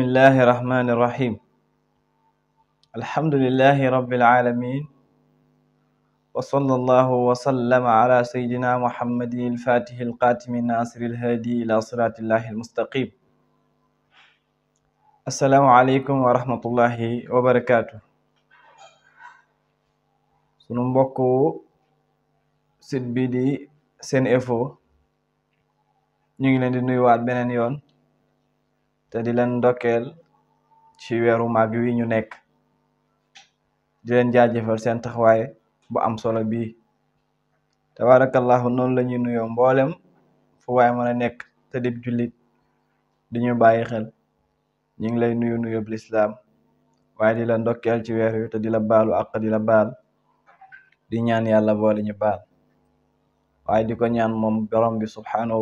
bismillahi rahmani rahim alhamdulillahi rabbil alamin wa sallallahu wa sallama ala sayyidina muhammadin alfatihi alqatimi nasiri alhadi ila siratillahi almustaqim assalaamu aleykum wa rahmatullahi wa barakaatu sunu mbokku sit bi di Seneinfo ñu ngi leen di nuyuwaat beneen yoon te di leen ndokkeel ci weeru màgg wi ñu nekk di leen jaajëfal seen taxawaay bu am solo bii tabarakallahu noonu la ñuy nuyoo mboolem fu waay mën a nekk te dib jullit di ñu bàyyi xel ñu ngi lay nuyu nuyoo lislaam waaye di la ndokkeel ci weer wi te di la baalu àq di baal di ñaan yàlla boole ñu baal waaye di ko ñaan moom borom bi subhanahu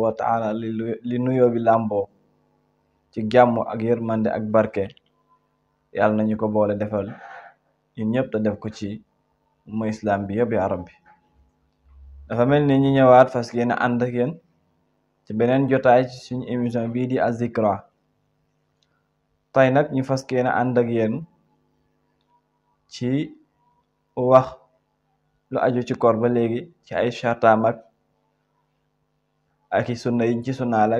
li nuyoo bi làmboo ci jàmm ak yërmande ak barke yàlla nañu ko boole defal ñun ñëpp te def ko ci mu islam bi yëpp ya bi dafa mel ni ñu ñëwaat fas yéene ànd ci beneen jotaay ci suñu émission bii di Azikra tay nag ñu fas yéene ànd ak ci wax lu ajo ci koor ba léegi ci ay chartaam ak ak i sunna yiñ ci sunnaal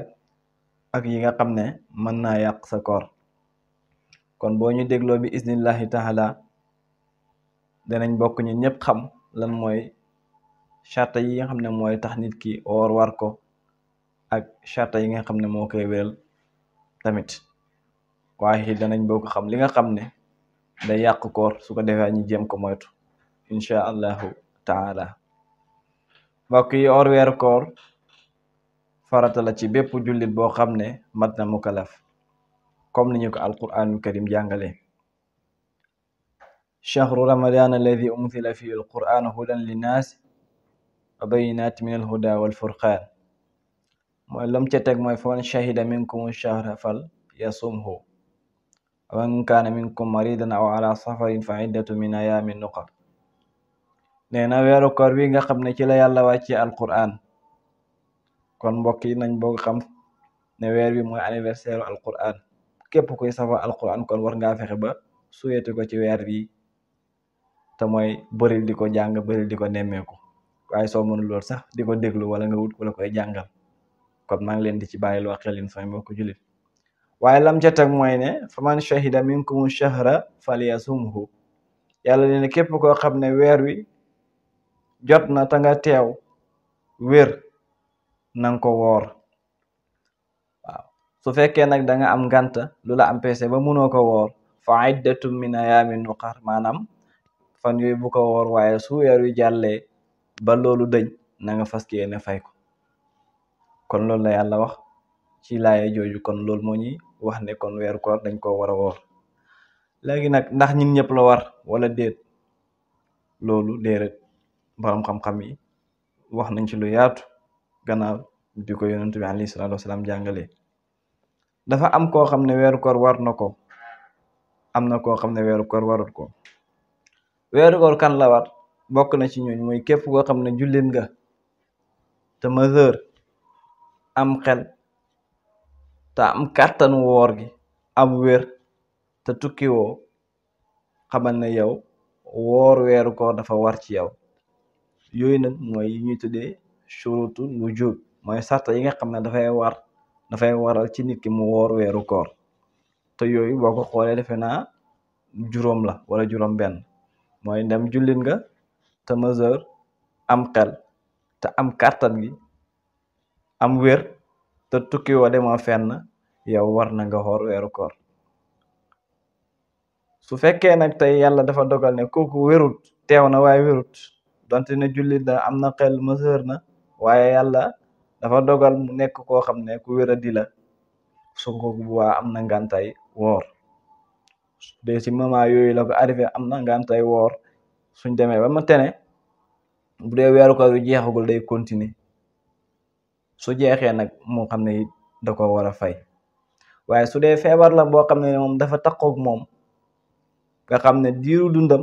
ak yi nga xam ne mën naa yàq sa koor kon boo ñu dégloo bi isnillahi taala danañ bokk ñu ñëpp xam lan mooy charte yi nga xam ne mooy tax nit ki woor war ko ak charta yi nga xam ne moo koy wéral tamit waaye danañ bokk xam li nga xam ne day yàq koor su ko defee ñu jéem ko moytu incha allahu taala mbokk yi or koor farata la ci bépp jullit boo xam ne mat na mukalaf comme ni ñu ko karim jàngale chahru ramadan alladi unzila fihi alquran hudan linnaasi wa bayinati min alhuda walfurqaan mooy lam ca teg mooy faman shahida minkum chahra fal yasumhu wa man kaana minkum maridan aw ala safarin fa iddatu ayaamin nuqar nee na koor wi nga xam ci la yàlla wàcce kon mbokk yi nañ boog xam ne weer bi mooy anniversaire alquran képp kuy safa alquran kon war ngaa fexe ba suyete ko ci weer bi te mooy bëril di ko jàng bëril di ko nemmeeku waaye soo mënul lool sax di ko déglu wala nga wut ku la koy jàngal kon maa ngi leen di ci bàyyiloo xel yéen sama mbokk julit waaye lam ca teg mooy ne fa man shahida minkum shahra falyasumhu yàlla nee na képp koo xam ne weer wi jot na ta nga teew wér nanga ko woor waaw su fekkee nag danga am ngànt lu la am empêché ba mënoo ko woor fa iddatum min ayaamin uxar maanaam fan yooyu bu ko woor waaye su weer yu jàllee ba loolu dëñ na nga fas yéene fay ko kon loolu la yàlla wax ci laaye jooju kon loolu moo ñuy wax ne kon weeru ko dañ koo war a woor léegi nag ndax ñun ñëpp la war wala deet loolu déeret borom xam-xam yi wax nañ ci lu yaatu gannaaw bi ko yonent bi alayhi salaatu wasalaam jàngalee dafa am koo xam ne weeru koor war na ko am na koo xam ne weeru koor warut ko weeru koor kan la war bokk na ci ñooñ mooy képp koo xam ne jullit nga te majeur am xel te am kàttanu woor gi am wér te tukki woo xamal na yow woor weeru koor dafa war ci yow yooyu nag mooy yi ñuy churutu wujub mooy sarta yi nga xam ne dafay war dafay waral ci nit ki mu woor weeru koor te yooyu boo ko xoolee defe naa juróom la wala juróom benn mooy ndem jullit nga te majeur am xel te am kàttan gi am wér te tukki woo demoo na yow war na nga xoor weeru koor su fekkee nag tey yàlla dafa dogal ne kooku wérut teew na waaye wérut donte ne jullit na am na xel majeur na waaye yàlla dafa dogal mu nekk koo xam ne ku wér a di la su ko bu waa am na ngantay woor de si moment yooyu la ko am na woor suñ demee ba ma tene bu dee weeru ko yu jeexagul day continuer su jeexee nag moo xam ne da ko war a fay waaye su dee feebar la boo xam ne moom dafa takkoog moom nga xam ne diiru dundam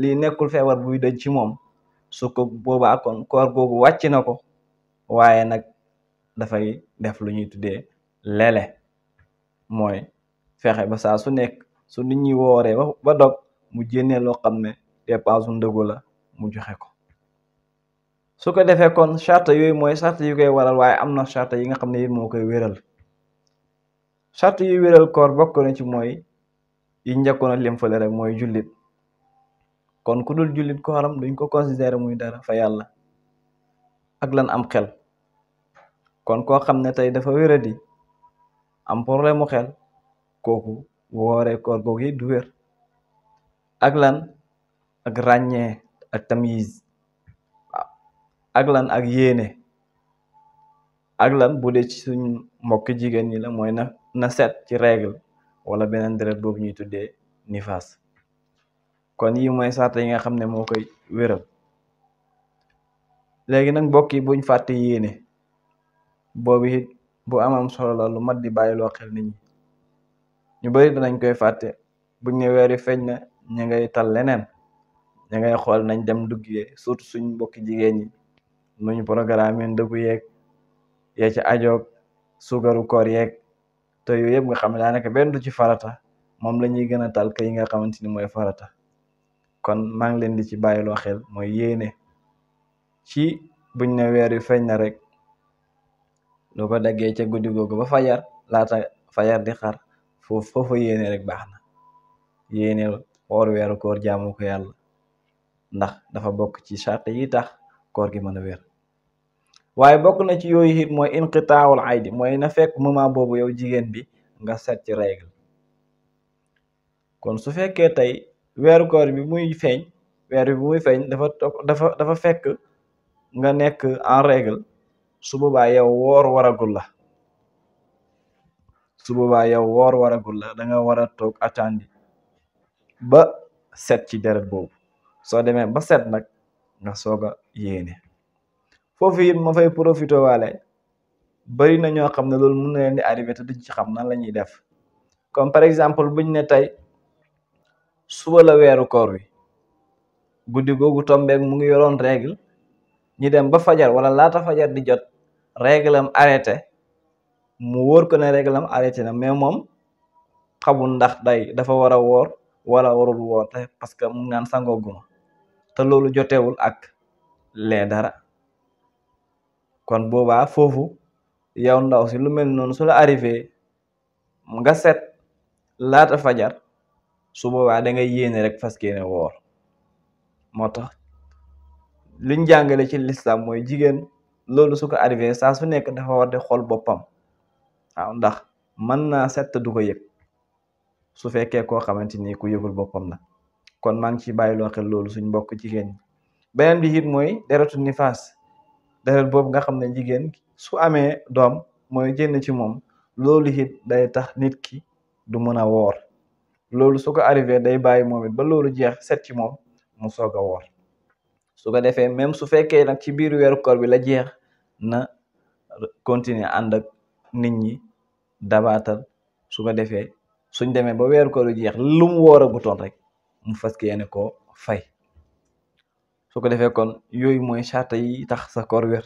lii nekkul feebar buy dëj ci moom su ko boobaa kon koor googu wàcc na ko waaye nag dafay def lu ñuy tuddee lele mooy fexe ba saa su nekk su nu ñi wooree ba dog mu jénnee loo xam ne te dépense ndëgu la mu joxe ko su ko defee koon charte yooyu mooy charte yu koy waral waaye am na charte yi nga xam ne yéen moo koy wéral charte yu wéral koor bokk na ci mooy yi njëkkoon a lim fële rek mooy jullit kon ku dul julit ku xaram duñ ko considéré muy dara fa yàlla ak lan am xel kon koo xam ne tey dafa wéradi am problème mu xel kooku wooree koor googu yi du wér ak lan ak ràññee ak tamyiz ak lan ak yéene ak lan bu dee ci suñ mbokk jigéen ñi la mooy na na set ci règle wala beneen deret boobu ñuy tuddee nifaas kon yi mooy sarta yi nga xam ne moo koy wéral léegi nag mbokk yi buñ fàtte yéene boobu bu amam solo la lu mat di bàyyiloo xel nit ñu bari danañ koy fàtte buñ ne weeri feeñ na ñu ngay tal leneen ñu ngay xool nañ dem duggee surtout suñ mbokki jigéen ñi nuñ programme yi ndëggu yeeg yee ci ajoog suukaru koor yeeg te yooyu yëpp nga xam ne daanaka benn du ci farata moom la ñuy gën a tal ka yi nga xamante ni mooy farata kon maa ngi leen di ci bàyyiloo xel mooy yéene ci buñ ne weer wi feeñ na rek lu ko daggee ca guddi googu ba fajar laata fajar di xar foofu foofu yéene rek baax na yéene woor weeru koor jaamu ko yàlla ndax dafa bokk ci charte yi tax koor gi mën a wér waaye bokk na ci yooyu it mooy inqitaawul aydi mooy na fekk moment boobu yow jigéen bi nga set ci règle kon su fekkee tey weeru koor bi muy feeñ weer bi muy feeñ dafa dafa dafa fekk nga nekk en règle su boobaa yow woor waragul la su boobaa yow woor waragul la da nga war a toog attendre ba set ci deret boobu soo demee ba set nag nga soog a yéene foofu it ma fay profité waale bari na ñoo xam ne loolu mën na leen di arrivé te duñ ci xam nan la ñuy def comme par exemple buñ ne tey suba la weeru koor wi guddi googu tombeeg mu ngi yoroon règle ñi dem ba fajar wala laata fajar di jot règle am arrêté mu wóor ko ne règle am arrêté na mais moom xamul ndax day dafa war a woor wala warul woor parce que mu naan sangoo guma te loolu jotewul ak lee dara kon boobaa foofu yow ndaw si lu mel noonu su la arrivé nga set laata fajar su boobaa dangay ngay yéene rek fas yéene woor moo tax liñ jàngale ci listam mooy jigéen loolu su ko arrivé saa su nekk dafa war xool boppam waaw ndax mën naa set du ko yëg su fekkee koo xamante ni ku yëgul boppam la kon maa ngi ciy bàyyiloo xel loolu suñ bokk jigéen ñi beneen bi it mooy deretu nifaas deret boobu nga xam ne jigéen su amee doom mooy génn ci moom loolu it day tax nit ki du mën a woor loolu su ko arrivé day bàyyi moom it ba loolu jeex set ci moom mu soog a woor su ko defee même su fekkee nag ci biir weeru koor bi la jeex na continuer ànd ak nit ñi dabaatal su defee suñ demee ba weeru koor bi jeex lu mu woor agutoon rek mu fas yéene ko fay su ko defee kon yooyu mooy sarta yi tax sa kor wér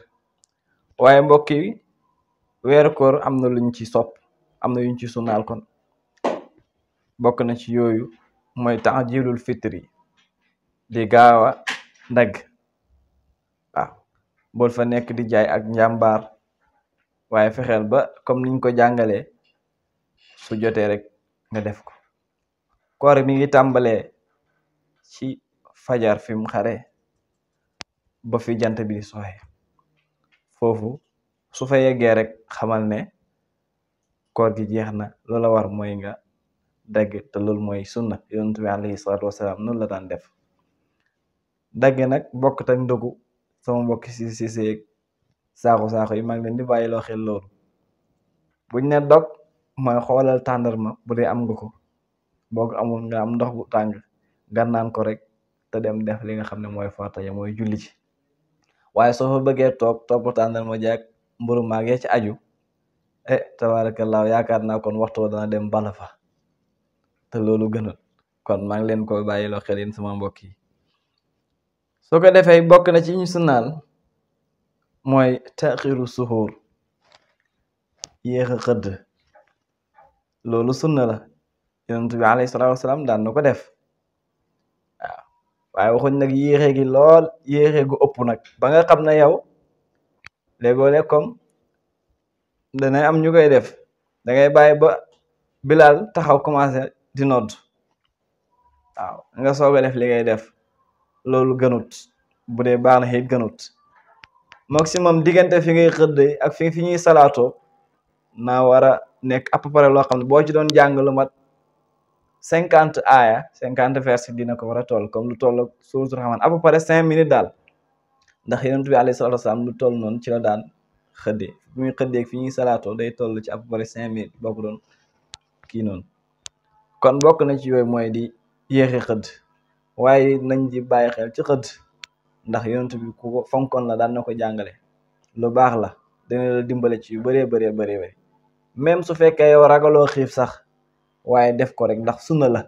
waaye mbokk yi weeru koor am na luñ ci sopp am na yuñ ci sunnaal kon bokk na ci yooyu mooy taajilul fitri di gaaw a dagg waaw fa nekk di jaay ak njàmbaar waaye fexeel ba comme niñ ko jàngalee su jotee rek nga def ko koor mi ngi tàmbalee ci fajar fi mu xare ba fi jant bi di soxe foofu su fa yeggee rek xamal ne koor gi jeex na loola war mooy nga dagg te loolu mooy sunna yonent bi alayhi salaatu wasalaam noonu la daan def dagge nag bokk tak ndogu mbokk si saako saako yi maa ngi di bàyyi loo xel lool buñ ne dog mooy xoolal tàndarma ma dee am nga ko boo ko am ndox bu tàng nga naan ko rek te dem def li nga xam ne mooy farata ya mooy julli ci soo fa bëggee toog topp tàndarma jaag mburu maag ya ci aju eh tabaarakallaahu yaakaar naa kon waxtu dana dem bala fa te loolu gënal kon maa ngi leen ko bàyyiloo xel yéen sama mbokk yi soo ko defee bokk na ci ñu sunnaal mooy taxiru suxuur yéex a xëdd loolu sunna la yonent bi alayhi salaatu wasalaam daan ko def waaw nag yéexe gi lool yéexe gu ëpp nag ba nga xam ne yow léegoo ne comme danay am ñu koy def da ngay bàyyi ba bilaal taxaw commencé di nodd waaw nga soog a def li ngay def loolu gënut bu dee baax na it gënut maximum diggante fi ngay xëdd ak fi fi ñuy salaato naa war a nekk à peu près loo xam ne boo ci doon jàng lu mat cinquante aaya cinquante verset dina ko war a toll comme lu toll suuratul Rahmaan à peu près cinq minutes daal ndax yonent bi alayhi salaatu wasalaam lu toll noonu ci la daan xëddee fi muy xëddee fi ñuy salaato day toll ci à peu près cinq minutes boo ko doon kii noonu kon bokk na ci yooyu mooy di yéexi xëdd waaye nañ ji bàyyi xeel ci xëdd ndax yonent bi ku ko fonkoon la daan na ko jàngale lu baax la dina la dimbale ci yu bëree bëree bëri même su fekkee yow ragaloo xiif sax waaye def ko rek ndax sunna la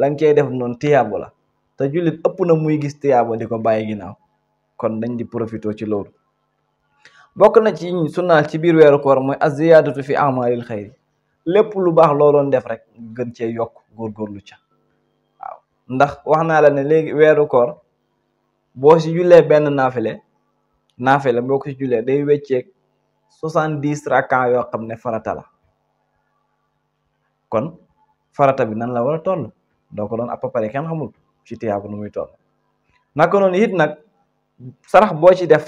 la nga def noon tiyaabo la te jullit ëpp na muy gis tiyaabo di ko bàyyi naaw kon dañ di profité ci loolu bokk na ci sunnaal ci biir weeru koor mooy azziyaadatu fi amalil xayri lépp lu baax loo doon def rek gën cee yokk góor góorgóorlu ca waaw ndax wax naa la ne léegi weeru koor boo ci jullee benn naafile naafile boo ko si jullee day wecceek soixante dix rakaa yoo xam ne farata la kon farata bi nan la war a toll doo ko doon à peu près kenn xamul ci tiyaabu nu muy toll naka noonu it nag sarax boo ci def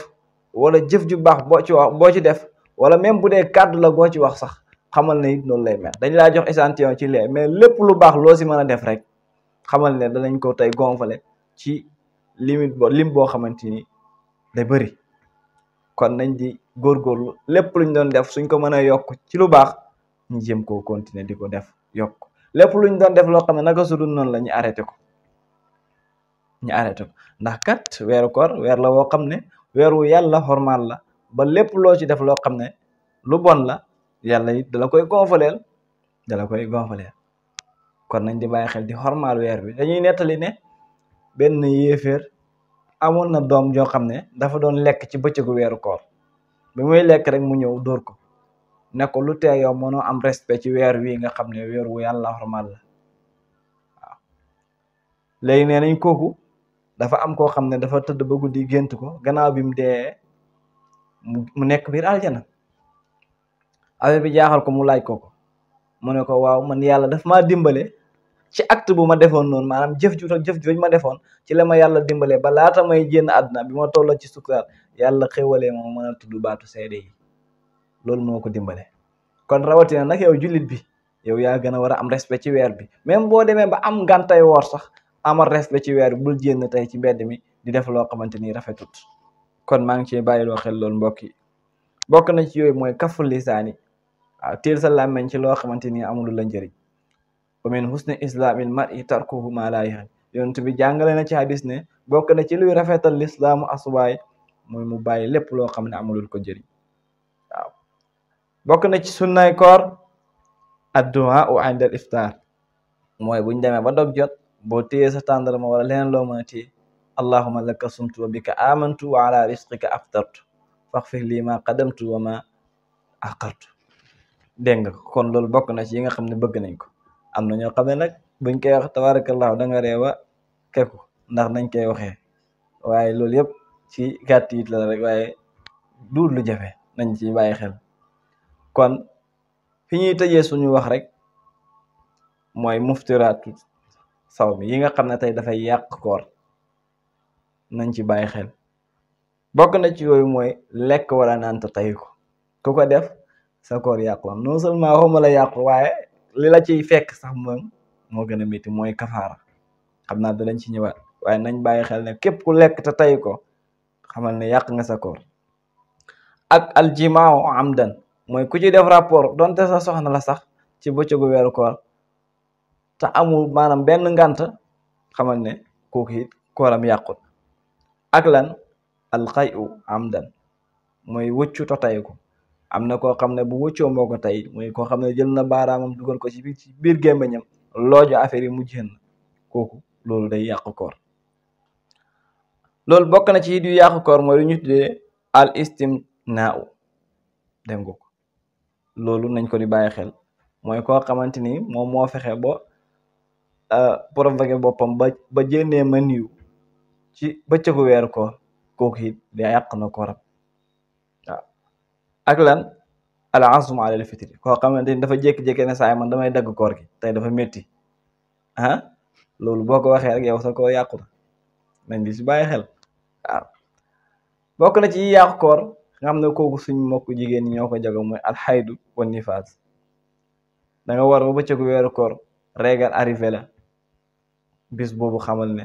wala jëf ju baax boo ci wax boo ci def wala même bu dee kàddu la goo ci wax sax xamal na it noonu lay mel dañ laa jox échantillon ci lee mais lépp lu baax loo si mën a def rek xamal ne danañ ko tey gonfale ci limite bo lim boo xamante ni day bëri kon nañ di góorgóorlu lépp luñ doon def suñ ko mën a yokk ci lu baax ñu jéem koo continuer di ko def yokk lépp luñ doon def loo xam ne naka su dul noonu la ñu arrêté ko ñu arrêté ndax kat weeru koor weer la woo xam ne weeru yàlla xormaal la ba lépp loo ci def loo xam ne lu bon la yàlla it dala koy gonfaleel dala koy gonfaleel kon nañ di bàyyi xel di xormaal weer bi dañuy nettali ne benn yéeféer amoon na doom joo xam ne dafa doon lekk ci bëccëgu weeru koor bi muy lekk rek mu ñëw dóor ko ne lu teeyo yow am respect ci weer wii nga xam ne weer wu yàlla xormaal la waaw léegi nee nañ kooku dafa am koo xam ne dafa tëdd ba guddi gént ko gannaaw bi mu dee mu nekk biir aljana affaire bi jaaxal ko mu laaj ko ko mu ne ko waaw man yàlla daf maa dimbale ci act bu ma defoon noonu maanaam jëf ju jëf jooju ma defoon ci la ma yàlla dimbalee ba laata may génn àdduna bi ma tolloo ci sukuraat yàlla xéwalee ma mën a tudd baatu seede yi loolu moo ko dimbale kon rawatina nag yow jullit bi yow yaa gën a war a am respect ci weer bi même boo demee ba am ngantay woor sax amal respect ci weer bi bul génn tey ci mbedd mi di def loo xamante ni rafetut kon maa ngi ciy bàyyiloo xel loolu mbokk yi bokk na ci yooyu mooy kaful Ah, téel sa làmmeñ ci loo xamante ni amul la njëriñ wa min husni islaamil mar'i tarkuhu maa laa yaxin yonent bi jàngale na ci hadis ne bokk na ci luy rafetal lislaamu asuwaay mooy mu bàyyi lépp loo xam ne amulul ko njëriñ bokk na ci sunnay koor addu'a u inda al iftar mooy buñ demee ba dog jot boo téyee sa tàndarma wala leen loo mën allahuma laka sumtu wa bika amantu wa ala risqika aftartu faxfir lii ma qadamtu wa ma axartu dégg nga kon loolu bokk na ci yi nga xam ne bëgg nañ ko am na ñoo xam ne nag buñ koy wax tabaarakallaahu da nga reewa keku ndax nañ koy waxee waaye loolu yëpp ci gàtt it la rek waaye duul lu jafe nañ ci bàyyi xel kon fi ñuy tëjee suñu wax rek mooy muftiraatu saw mi yi nga xam ne tey dafay yàq koor nañ ci bàyyi xel bokk na ci yooyu mooy lekk wala naan te tey ko ku ko def sa koor yàqu na non seulement waxuma la yàqu waaye li la ciy fekk sax moom moo gën a métti mooy kafaara xam naa danañ ci ñëwaat waaye nañ bàyyi xel ne képp ku lekk te tey ko xamal ne yàq nga sa koor ak aljimaaw amdan mooy ku ci def rapport donte sa soxna la sax ci bëccëgu weeru koor te amu maanaam benn ngant xamal ne kooku it kooram yàqut ak lan xay u amdan mooy wëccu totay ko am na koo xam ne bu wëccoo moo ko tey mooy koo xam ne jël na baaraamam dugal ko ci biir ci biir gémmiñam loojo affaire yi mujjeen kooku loolu day yàqu koor loolu bokk na ci du yàqu koor mooy lu ñu tuddee al istimnaaw dégg nga ko loolu nañ ko di bàyyi xel mooy koo xamante ni moom moo fexe ba euh, provoqué boppam ba ba jénnee ma niw ci bëccëgu weeru koor kooku it da yàq na ko kooram ak lan al azmu alal fitri koo xamante ni dafa jékki-jékki ne saay man damay dagg koor gi tey dafa metti ah loolu boo ko waxee rek yow sa koo yàqu na nañ di bàyyi xel waaw bokk na ci yàqu koor nga xam kooku suñ mbokk jigéen ñoo ko jago mooy alxaydu wa nifaas da nga war ba weeru koor régal arrivé la bis boobu xamal ne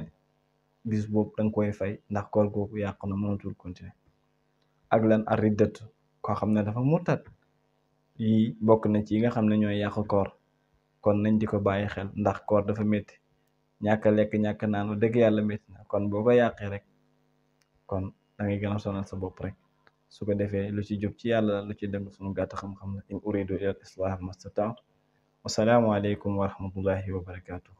bis boobu danga koy fay ndax koor kooku yàqu na mënatul continuer ak lan ar riddatu ko xam ne dafa murtat yi bokk na ci yi nga xam ne ñooy yàq koor kon nañ di ko bàyyi xel ndax koor dafa métti ñàkk lekk ñàkk naan wax dëgg yàlla métti na kon boo ko yàqee rek kon dangay ngay gën sa bopp rek su ko defee lu ci jub ci yàlla lu ci dem suñu gàtt xam-xam la in uridu ila al islah mastata wasalaamualeykum wa rahmatullahi wa barakatuh